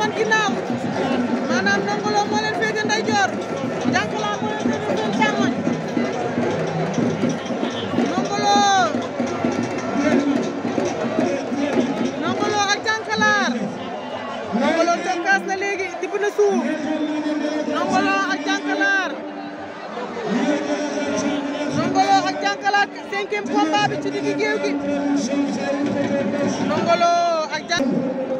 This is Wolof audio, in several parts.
wan ginnaaw maanaam Ndongo Lo moo leen féete ndeyjoor Diakhoupa moo leen féete ak Diakhoupa Ndongo Lo cokkaas na léegi tibb na suuf Ndongo ak Diakhoupa Ndongo ak Diakhoupa cinquième combat ci digg géew gi Ndongo Lo ak Diakhoupa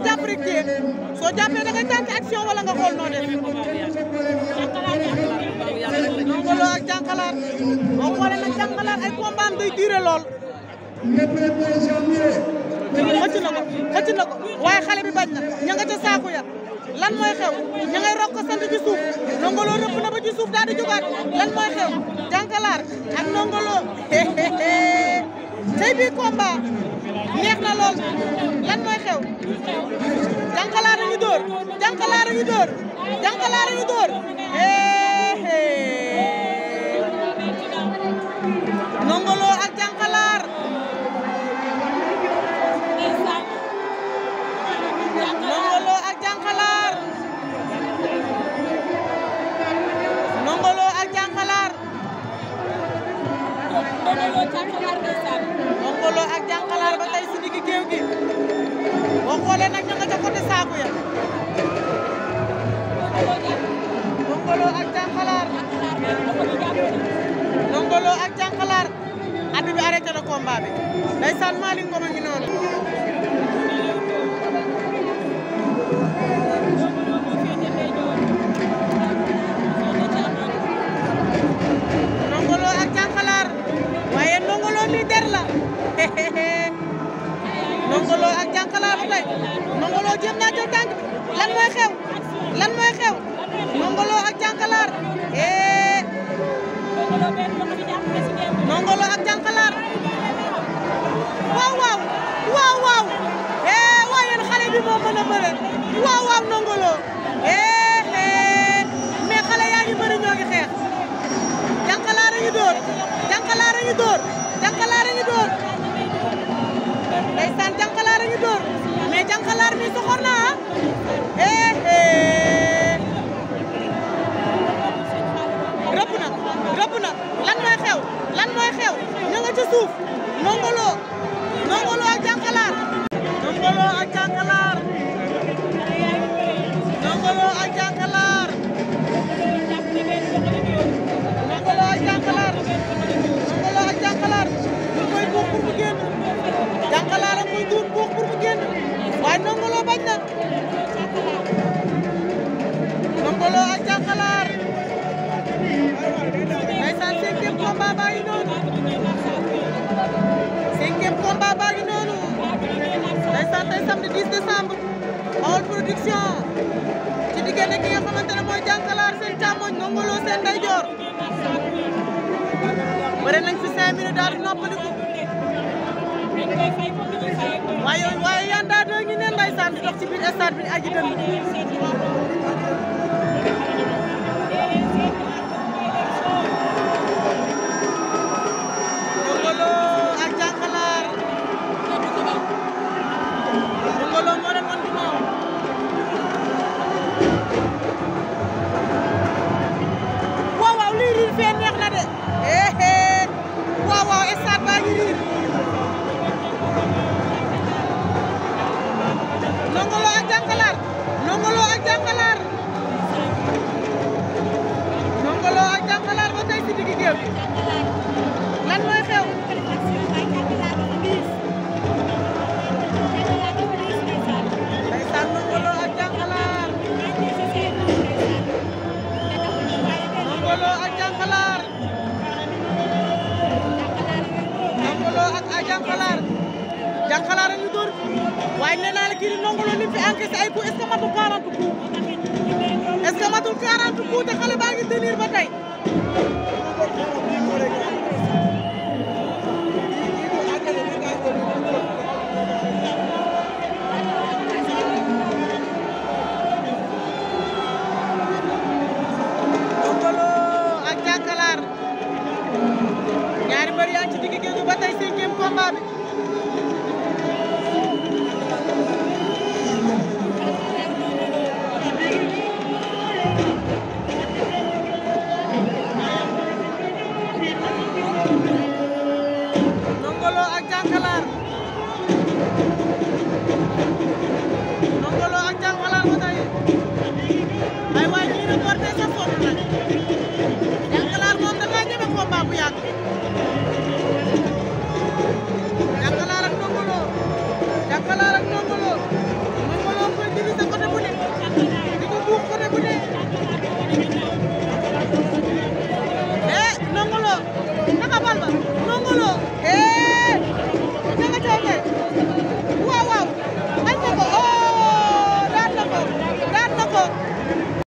dafa jàpp rek téye soo jàppee da ngay tànk action wala nga xool noo def Ndongo Lo ak Jànkalaar boo xoolee nag Jànkalaar ay combat am day jangan lool xëcc na ko xëcc na ko waaye xale bi bañ na ña nga ca saaku ya lan mooy xew ña ngay rokk sant ci suuf Ndongo Lo na ba ci suuf daal di jógaat lan mooy xew Jànkalaar ak Ndongo Lo tey combat neex na lool lan mooy xew jànkalaar ñu dóor jànkalaar ñu dóor jànkalaar ñu dóor Ndongo Lo ak jànkalaar Ndongo Lo ak jànkalaar Ndongo Lo ak jànkalaar Ndongo Lo ak jànkalaar ak Jankalaar addu bi arrêté na combat bi ndeysaan Malick Ngom a ngi noonu ak Jankalaar waaye Ndongo Lo la Ndongo ak jël lan xew lan xew baa ngi noonu ndeysaan tey samedi 10 décembre Baol production ci diggante ki nga xamante ne mooy jànkalaar seen càmmoñ Ndongo Lo seen ndeyjoor bëre nañ fi 5 minutes daal di noppaliku waaye waaye Yanda doo ñu ne ndeysaan di dox ci biir stade bi aji dem ñu nangu lu lim fi encaissé ay coups est ce que matul 40 coups est ce que matul 40 coups te xale baa ngi tenir ba tey. 딱